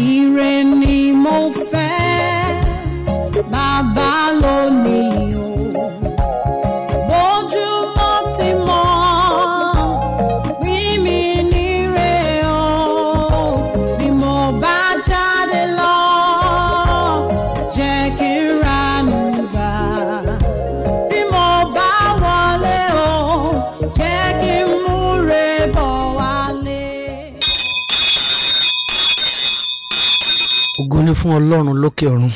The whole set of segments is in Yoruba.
He ran Nemo fast. ògo ni fún ọlọ́run lókè ọ̀run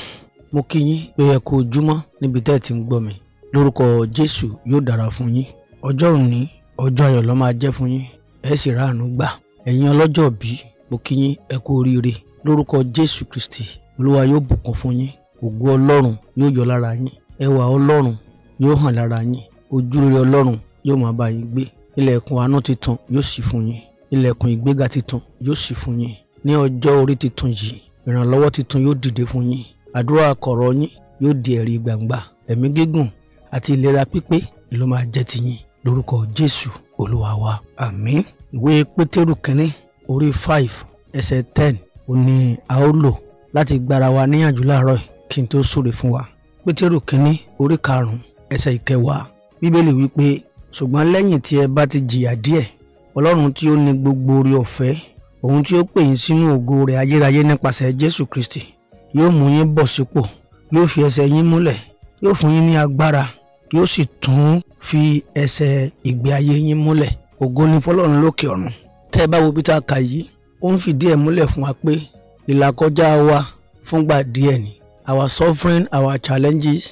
mo kí yín pé ẹ kú ojúmọ́ níbi tẹ́ ẹ ti ń gbọ́ mi lórúkọ jésù yóò dára fún yín ọjọ́ òní ọjọ́ ayọ̀ ló máa jẹ́ fún yín ẹ sì ráàánú gbà ẹ̀yin ọlọ́jọ́ bí mo kí yín ẹ kú oríire lórúkọ jésù kristi olúwa yóò bùkún fún yín ògo ọlọ́run yóò yọ lára yín ẹwà ọlọ́run yóò hàn lára yín ojúrere ọlọ́run yóò máa bá yín gbé ilẹ̀kùn àánú titun yóò ṣí fún yín ilẹ̀kùn ìgbéga titun yóò ṣí fún yín ní ọjọ́ orí titun yìí ìrànlọ́wọ́ tuntun yóò dìde fún yín àdúrà kọ̀rọ̀ yín yóò di ẹ̀rí gbangba ẹ̀mí gígùn àti ìlera pípé ló máa jẹ́ tiyín lórúkọ jésù olúwa wa àmín ìwé pétérù kínní orí five ẹsẹ̀ ten ò ní a ó lò láti gbára wa níyànjú láàárọ̀ kí n tó súre fún wa pétérù kínní orí karùn-ún ẹsẹ̀ ìkẹwàá bíbélì wípé ṣùgbọ́n lẹ́yìn tí ẹ bá ti jìyà díẹ̀ ọlọ́run tí ó ní gbogbo oore ọ̀fẹ́ òun tí ó pè yín sínú ògo rẹ̀ ayérayé nípasẹ̀ Jésù Kristi yóò mú yín bọ̀ sípò yóò fi ẹsẹ̀ yín múlẹ̀ yóò fún yín ní agbára yóò sì tún fi ẹsẹ̀ ìgbé ayé yín múlẹ̀ ògo ni fọlọ́run lókè ọ̀run tẹ́ ẹ bá wo bí tá a kà yìí ó ń fìdí ẹ̀ múlẹ̀ fún wa pé ìlàkọjá wa fúngbà díẹ̀ ni our suffering our challenges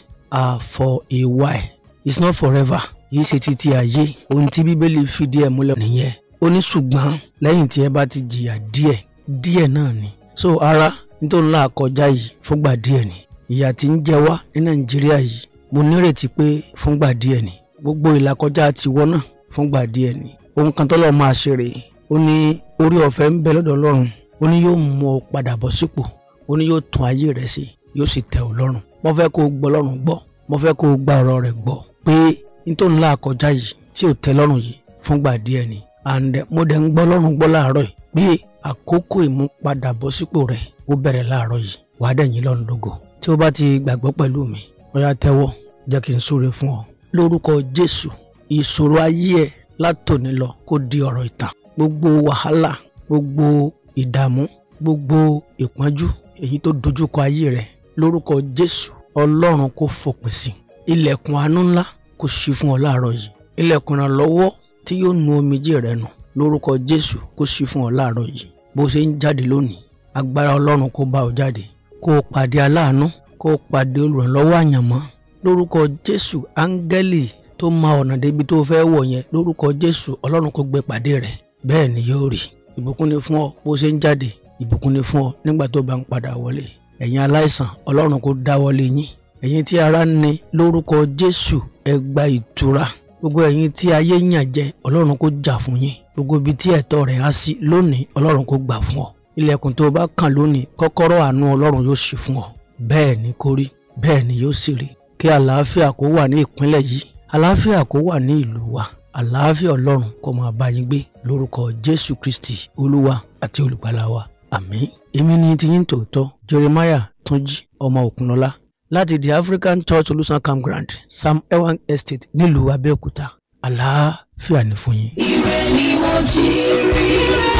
are for a while it's not forever kì í ṣe títí ayé ohun tí bíbélì fìdí ẹ̀ múlẹ̀ nìyẹn ó ní ṣùgbọ́n lẹ́yìn tí ẹ bá ti jìyà díẹ̀ díẹ̀ náà ni so ara nítorí ńlá àkọjá yìí fúngbà díẹ̀ ni ìyà tí ń jẹ wá ní nàìjíríà yìí mo nírètí pé fúngbà díẹ̀ ni gbogbo ìlàkọjá tiwọ́ náà fúngbà díẹ̀ ni ohun kan tọ́lọ́ máa ṣe rèé ó ní orí ọ̀fẹ́ ń bẹ lọ́dọ̀ ọlọ́run ó ní yóò mú ọ padà bọ̀ sípò ó ní yóò tún ayé rẹ̀ ṣe yóò sì tẹ́ ọ lọ́rùn mo fẹ́ kó gbọ́ lọ́rùn gbọ́ mo fẹ́ kó o ọ̀rọ̀ rẹ̀ gbọ́ pé nítorí ńlá àkọjá yìí tí ò tẹ́ lọ́rùn yìí fúngbà díẹ̀ ni and mo dẹ̀ ń gbọ́ lọ́rùn gbọ́ láàárọ̀ yìí pé àkókò ìmúpadàbọ̀sípò rẹ̀ ó bẹ̀rẹ̀ láàárọ̀ yìí wàá dẹ̀yìn lọ́run lógo tí o bá ti gbàgbọ́ pẹ̀lú mi ọ̀yà tẹ́wọ́ jẹ́ kí n súre fún ọ lórúkọ Jésù ìṣòro ayé ẹ látòní lọ kó di ọ̀rọ̀ ìtàn gbogbo wàhálà gbogbo ìdààmú gbogbo ìpọ́njú èyí tó dojúkọ ayé rẹ lórúkọ Jésù Ọlọ́run kó fòpin sí ilẹ̀kùn àánú ńlá kó ṣí fún ọ láàárọ̀ yìí ilẹ̀kùn ìrànlọ́wọ́ tí yóò nu omijé rẹ nù lórúkọ jésù kó ṣí fún ọ láàárọ̀ yìí bó ṣe ń jáde lónìí agbára ọlọ́run kó bá ọ jáde kó o pàdé aláàánú kó o pàdé olùrànlọ́wọ́ àyànmọ́ lórúkọ jésù áńgẹ́lì tó ma ọ̀nà débi tó fẹ́ wọ̀ yẹn lórúkọ jésù ọlọ́run kó gbé pàdé rẹ bẹ́ẹ̀ ni yóò rí ìbùkún ni fún ọ bó ṣe ń jáde ìbùkún ni fún ọ nígbà tó bá ń padà wọlé ẹ̀yin aláìsàn ọlọ́run kó dáwọ́lé yín ẹ̀yin tí ara ń ni lórúkọ jésù ẹ ìtura gbogbo ẹ̀yin tí ayé yàn jẹ ọlọ́run kó jà fún yín gbogbo ibi tí ẹ̀tọ́ rẹ̀ á sí lónìí ọlọ́run kó gbà fún ọ ilẹ̀kùn tó o bá kàn lónìí kọ́kọ́rọ́ àánú ọlọ́run yóò ṣí fún ọ bẹ́ẹ̀ ni kó rí bẹ́ẹ̀ ni yóò sì rí kí àlàáfíà kó wà ní ìpínlẹ̀ yìí àlàáfíà kó wà ní ìlú wa àlàáfíà ọlọ́run kó máa bá yín gbé lórúkọ jésù kristi olúwa àti olùgbàlà wa àmín èmi ni tiyín tòótọ́ jeremiah túnjí ọmọ òkunlọ́lá láti the African Church Olúsan campground Sam Ewan Estate nílùú Abẹ́òkúta àlàáfíà ní fún yín. ire ni mo jí rí rẹ́.